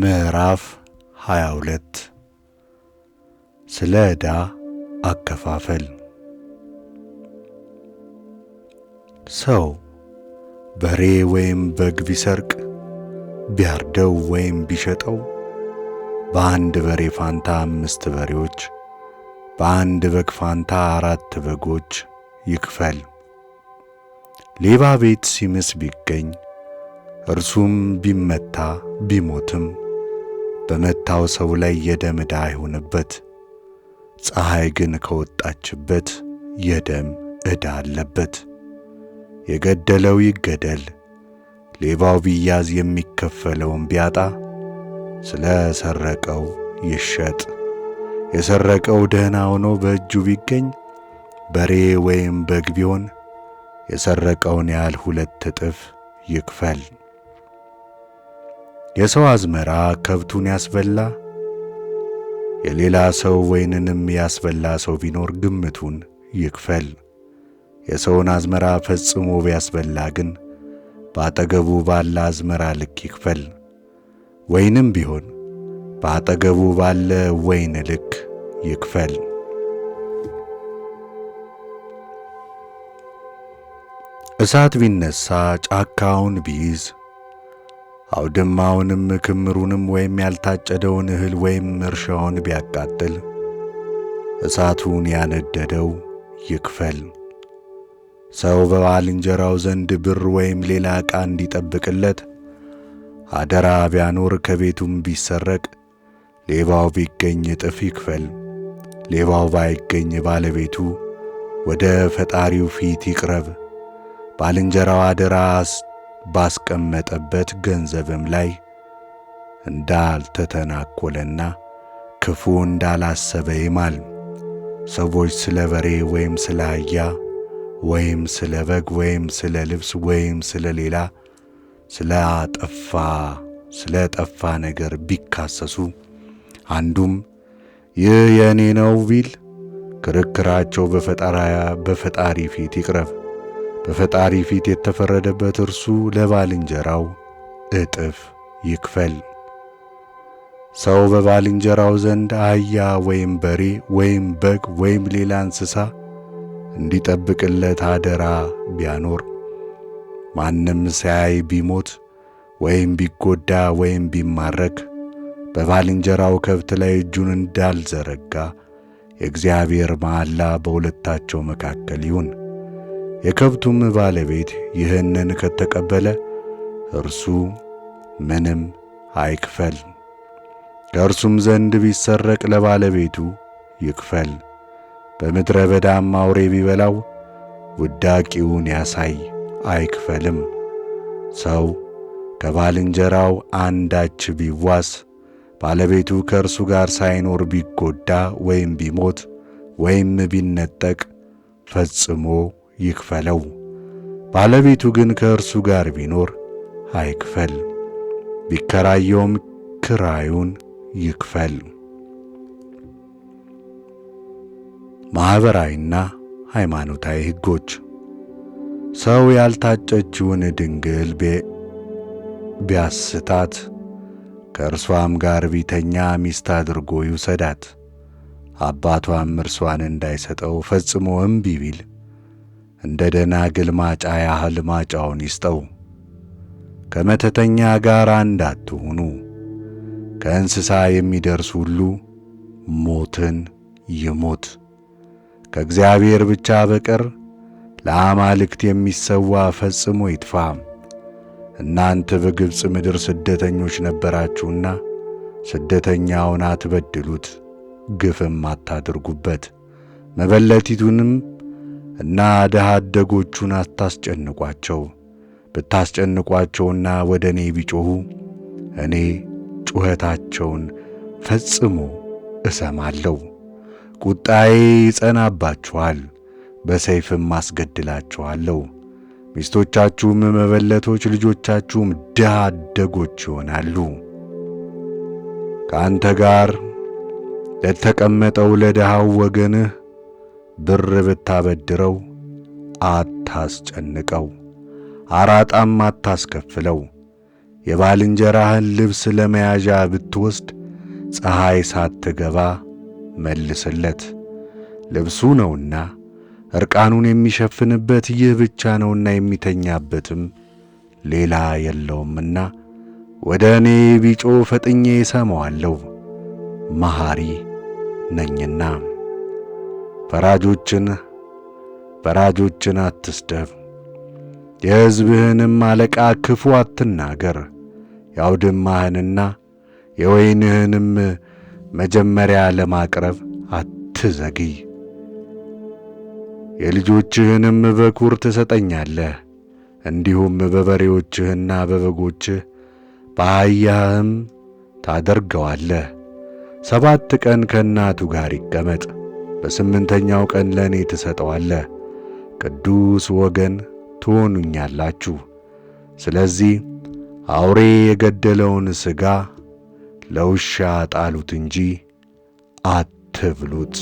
ምዕራፍ 22 ስለ ዕዳ አከፋፈል። ሰው በሬ ወይም በግ ቢሰርቅ ቢያርደው ወይም ቢሸጠው በአንድ በሬ ፋንታ አምስት በሬዎች፣ በአንድ በግ ፋንታ አራት በጎች ይክፈል። ሌባ ቤት ሲምስ ቢገኝ እርሱም ቢመታ ቢሞትም በመታው ሰው ላይ የደም ዕዳ አይሆንበት። ፀሐይ ግን ከወጣችበት የደም ዕዳ አለበት። የገደለው ይገደል፣ ሌባው ቢያዝ የሚከፈለውን ቢያጣ ስለ ሰረቀው ይሸጥ። የሰረቀው ደህና ሆኖ በእጁ ቢገኝ በሬ ወይም በግ ቢሆን የሰረቀውን ያህል ሁለት እጥፍ ይክፈል። የሰው አዝመራ ከብቱን ያስበላ የሌላ ሰው ወይንንም ያስበላ ሰው ቢኖር ግምቱን ይክፈል። የሰውን አዝመራ ፈጽሞ ቢያስበላ ግን በአጠገቡ ባለ አዝመራ ልክ ይክፈል። ወይንም ቢሆን በአጠገቡ ባለ ወይን ልክ ይክፈል። እሳት ቢነሳ ጫካውን ቢይዝ አውድማውንም ክምሩንም ወይም ያልታጨደውን እህል ወይም እርሻውን ቢያቃጥል እሳቱን ያነደደው ይክፈል። ሰው በባልንጀራው ዘንድ ብር ወይም ሌላ ዕቃ እንዲጠብቅለት አደራ ቢያኖር ከቤቱም ቢሰረቅ ሌባው ቢገኝ እጥፍ ይክፈል። ሌባው ባይገኝ ባለቤቱ ወደ ፈጣሪው ፊት ይቅረብ። ባልንጀራው አደራ ባስቀመጠበት ገንዘብም ላይ እንዳልተተናኮለና ክፉ እንዳላሰበ ይማል። ሰዎች ስለ በሬ ወይም ስለ አህያ ወይም ስለ በግ ወይም ስለ ልብስ ወይም ስለ ሌላ ስለ አጠፋ ስለ ጠፋ ነገር ቢካሰሱ አንዱም ይህ የእኔ ነው ቢል ክርክራቸው በፈጣሪ ፊት ይቅረብ። በፈጣሪ ፊት የተፈረደበት እርሱ ለባልንጀራው እጥፍ ይክፈል። ሰው በባልንጀራው ዘንድ አህያ ወይም በሬ ወይም በግ ወይም ሌላ እንስሳ እንዲጠብቅለት አደራ ቢያኖር ማንም ሳያይ ቢሞት ወይም ቢጎዳ ወይም ቢማረክ በባልንጀራው ከብት ላይ እጁን እንዳልዘረጋ የእግዚአብሔር መሐላ በሁለታቸው መካከል ይሁን። የከብቱም ባለቤት ይህንን ከተቀበለ እርሱ ምንም አይክፈል፣ ከእርሱም ዘንድ ቢሰረቅ ለባለቤቱ ይክፈል። በምድረ በዳም አውሬ ቢበላው ውዳቂውን ያሳይ አይክፈልም። ሰው ከባልንጀራው አንዳች ቢዋስ ባለቤቱ ከእርሱ ጋር ሳይኖር ቢጎዳ ወይም ቢሞት ወይም ቢነጠቅ ፈጽሞ ይክፈለው። ባለቤቱ ግን ከእርሱ ጋር ቢኖር አይክፈል፣ ቢከራየውም ክራዩን ይክፈል። ማኅበራዊና ሃይማኖታዊ ሕጎች ሰው ያልታጨችውን ድንግል ቢያስታት ከእርሷም ጋር ቢተኛ ሚስት አድርጎ ይውሰዳት። አባቷም እርሷን እንዳይሰጠው ፈጽሞ እምቢ ቢል እንደ ደናግል ማጫ ያህል ማጫውን ይስጠው። ከመተተኛ ጋር አንድ አትሁኑ። ከእንስሳ የሚደርስ ሁሉ ሞትን ይሞት ከእግዚአብሔር ብቻ በቀር ለአማልክት የሚሰዋ ፈጽሞ ይጥፋ። እናንተ በግብፅ ምድር ስደተኞች ነበራችሁና ስደተኛውን አትበድሉት፣ ግፍም አታድርጉበት፣ መበለቲቱንም እና ድሃ አደጎቹን አታስጨንቋቸው። ብታስጨንቋቸውና ወደ እኔ ቢጮኹ እኔ ጩኸታቸውን ፈጽሞ እሰማለሁ። ቁጣዬ ይጸናባችኋል፣ በሰይፍም አስገድላችኋለሁ። ሚስቶቻችሁም መበለቶች፣ ልጆቻችሁም ድሃ አደጎች ይሆናሉ። ከአንተ ጋር ለተቀመጠው ለድሃው ወገንህ ብር ብታበድረው አታስጨንቀው፣ አራጣም አታስከፍለው። የባልንጀራህን ልብስ ለመያዣ ብትወስድ ፀሐይ ሳትገባ መልስለት፣ ልብሱ ነውና እርቃኑን የሚሸፍንበት ይህ ብቻ ነውና የሚተኛበትም ሌላ የለውምና። ወደ እኔ ቢጮ ፈጥኜ እሰማዋለሁ፣ መሐሪ ነኝና። ፈራጆችን ፈራጆችን አትስደብ፣ የሕዝብህንም አለቃ ክፉ አትናገር። የአውድማህንና የወይንህንም መጀመሪያ ለማቅረብ አትዘግይ። የልጆችህንም በኩር ትሰጠኛለህ፣ እንዲሁም በበሬዎችህና በበጎችህ በአህያህም ታደርገዋለህ። ሰባት ቀን ከእናቱ ጋር ይቀመጥ በስምንተኛው ቀን ለእኔ ትሰጠዋለህ፣ ቅዱስ ወገን ትሆኑኛላችሁ። ስለዚህ አውሬ የገደለውን ሥጋ ለውሻ ጣሉት እንጂ አትብሉት።